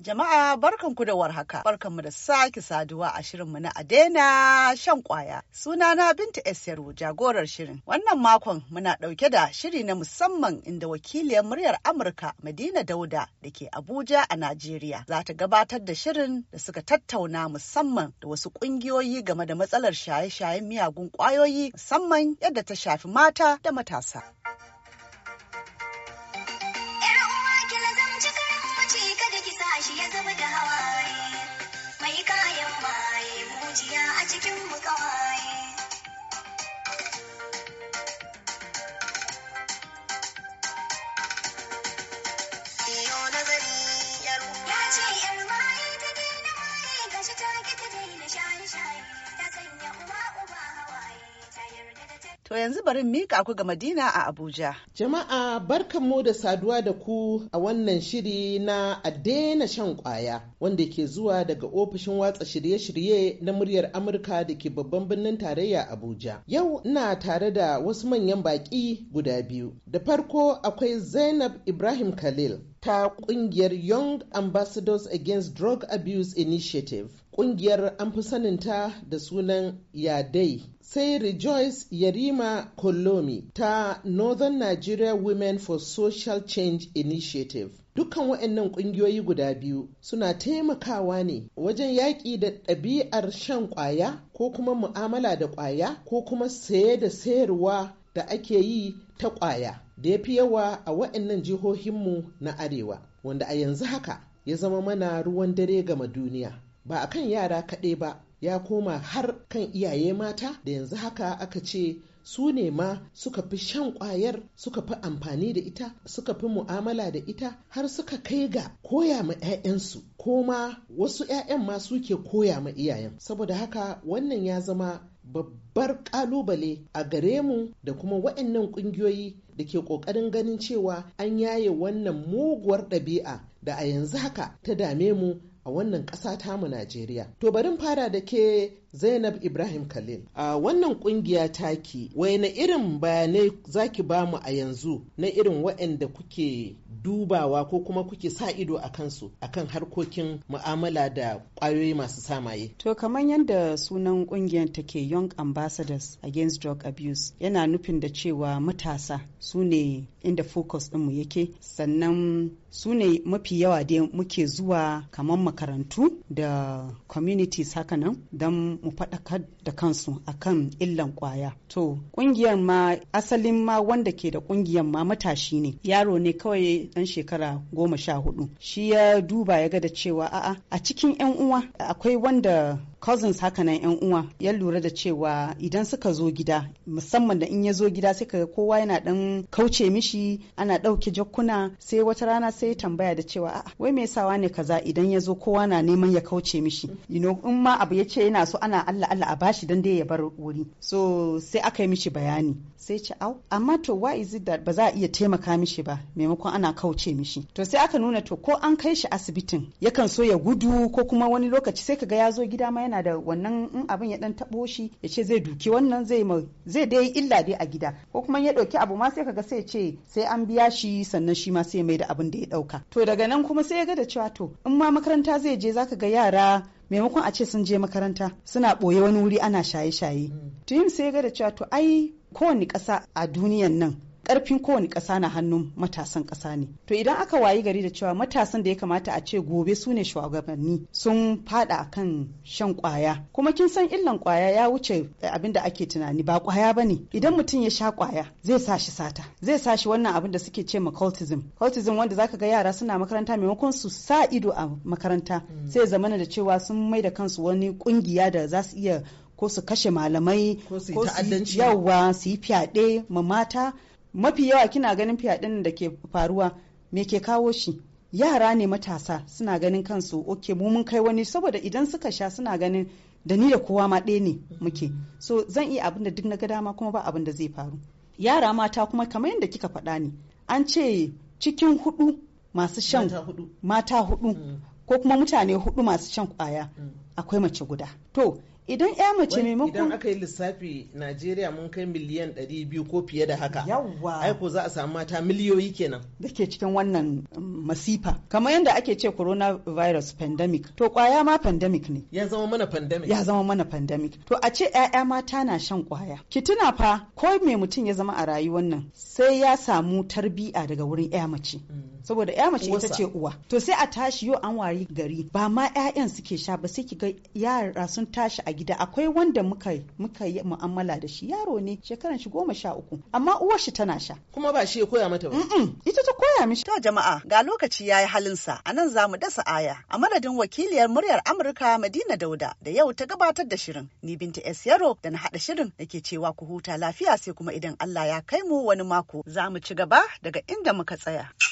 Jama'a barkan ku da warhaka. mu da sake saduwa a shirinmu na Adena shan kwaya. Sunana Binta Esiru jagorar shirin. Wannan makon muna ɗauke da shiri na musamman inda wakiliyar muryar Amurka Madina Dauda da ke Abuja a Najeriya za ta gabatar da shirin da suka tattauna musamman da wasu ƙungiyoyi game da matsalar shaye-shayen miyagun ƙwayoyi musamman yadda ta shafi mata da matasa. zuciya a cikin mu To yanzu bari mika ku ga Madina a Abuja. Jama'a barkanmu da saduwa da ku a wannan shiri na a shan kwaya wanda ke zuwa daga ofishin watsa shirye-shirye na muryar Amurka da ke babban birnin tarayya Abuja. Yau ina tare da wasu manyan baƙi guda biyu. Da farko akwai Zainab Ibrahim Khalil ta kungiyar Young Ambassadors Against Drug Abuse Initiative kungiyar an fi saninta da sunan Yadai. Sai Rejoice Yarima Kolomi ta Northern Nigeria Women for Social Change Initiative. Dukkan waɗannan ƙungiyoyi guda biyu suna taimakawa ne wajen yaƙi da ɗabi'ar shan ƙwaya ko kuma mu'amala da ƙwaya ko kuma saye da sayarwa da ake yi ta ƙwaya da ya fi yawa a waɗannan jihohinmu na Arewa, wanda a yanzu haka ya zama mana ruwan dare gama duniya. ba a kan yara kaɗai ba ya koma har kan iyaye mata da yanzu haka aka ce su ne ma suka fi shan kwayar suka fi amfani da ita suka fi mu'amala da ita har suka kai ga koya ma 'ya'yansu ko ma wasu 'ya'yan ma suke koya ma iyayen saboda haka wannan ya zama babbar kalubale a gare mu da kuma waɗannan ƙungiyoyi da ke ƙoƙarin ganin cewa an yaye wannan muguwar ɗabi'a da a yanzu haka ta dame mu a wannan ƙasa tamu Najeriya. To barin fara da ke Zainab Ibrahim Khalil. A wannan ƙungiya taki, waina irin bayanai zaki bamu a yanzu na irin waɗanda kuke dubawa ko kuma kuke sa ido a kansu a kan harkokin mu'amala da kwayoyi masu samaye to kamar yadda sunan kungiyar take young ambassadors against drug abuse yana nufin da cewa matasa su ne inda focus ɗinmu yake sannan su ne mafi yawa da muke zuwa kamar makarantu da communities haka nan don mu faɗakar da kansu akan illan kwaya to ƙungiyar ma asalin ma wanda ke da ƙungiyar ma matashi ne yaro ne kawai Ɗan dan shekara goma sha hudu shi ya duba ya ga da cewa a'a a cikin yan uwa akwai wanda cousins haka nan yan uwa ya lura da cewa idan suka zo gida musamman da in ya zo gida sai kaga kowa yana dan kauce mishi ana ɗauke jakkuna sai wata rana sai ya tambaya da cewa a'a wai me yasa ne kaza idan ya zo kowa na neman ya kauce mishi you know in ma abu ya ce yana so ana Allah Allah a bashi dan dai ya bar wuri so sai aka yi mishi bayani sai ce au amma to why is it that ba za a iya taimaka mishi ba maimakon ana kauce mishi to sai aka nuna to ko an kai shi asibitin yakan so ya gudu ko kuma wani lokaci sai kaga ya zo gida ma yana da wannan in abin ya dan tabo shi ya ce zai duki wannan zai ma zai dai illa dai a gida ko kuma ya dauki abu ma sai kaga sai ce sai an biya shi sannan shi ma sai mai da abin da ya dauka to daga nan kuma sai ya ga da cewa to in ma makaranta zai je zaka ga yara maimakon a ce sun je makaranta suna ɓoye wani wuri ana shaye-shaye. Mm. Tuyim sai ya ga da cewa to ai kowane ƙasa a duniyan nan karfin kowane kasa na hannun matasan kasa ne to idan aka wayi gari da cewa matasan da ya kamata a ce gobe su ne shugabanni sun fada kan shan kwaya kuma kin san illan kwaya ya wuce abin da ake tunani ba kwaya bane idan mutum ya sha kwaya zai sa shi sata zai sa shi wannan abin da suke ce ma cultism cultism wanda zaka ga yara suna makaranta maimakon su sa ido a makaranta mm. sai zamana da cewa sun mai da kansu wani kungiya da za su iya ko su kashe malamai ko su yi yawa su yi fyaɗe ma mata mafi yawa kina ganin fyaɗen da ke faruwa me ke kawo shi yara ne matasa suna ganin kansu oke mu mun kai wani saboda idan suka sha suna ganin da ni da kowa ma ɗaya ne muke so zan iya abin da duk na gada ma kuma ba abin da zai faru yara mata kuma kamar yadda kika faɗa ne an ce cikin hudu masu shan mata hudu mm. ko kuma mutane hudu masu shan kwaya mm. akwai mace guda to idan ya mace maimakon idan aka yi lissafi najeriya mun kai miliyan 200 ko fiye da haka yawwa aiko za a samu mata miliyoyi kenan da ke cikin wannan um, masifa kamar yadda ake ce coronavirus pandemic to kwaya ma pandemic ne ya zama mana pandemic ya zama mana pandemic to a ce 'ya'ya mata na shan kwaya ki tuna fa ko me mutum ya zama a rayuwar nan sai ya samu tarbiya daga wurin ƴa mace mm. saboda ƴa mace ita ce uwa to sai a tashi yau an wari gari ba ma 'ya'yan suke sha ba sai ki ga yara sun tashi a gida akwai wanda muka muka yi mu'amala da shi yaro ne shekaran shi goma sha uku amma uwar shi tana sha kuma ba shi ya koya mata ba ita ta koya mishi to jama'a ga lokaci yayi halinsa anan zamu dasa aya a madadin wakiliyar muryar Amurka Madina Dauda da yau ta gabatar da shirin ni Binta S Yaro da na hada shirin nake cewa ku huta lafiya sai kuma idan Allah ya kai mu wani mako zamu ci gaba daga inda muka tsaya.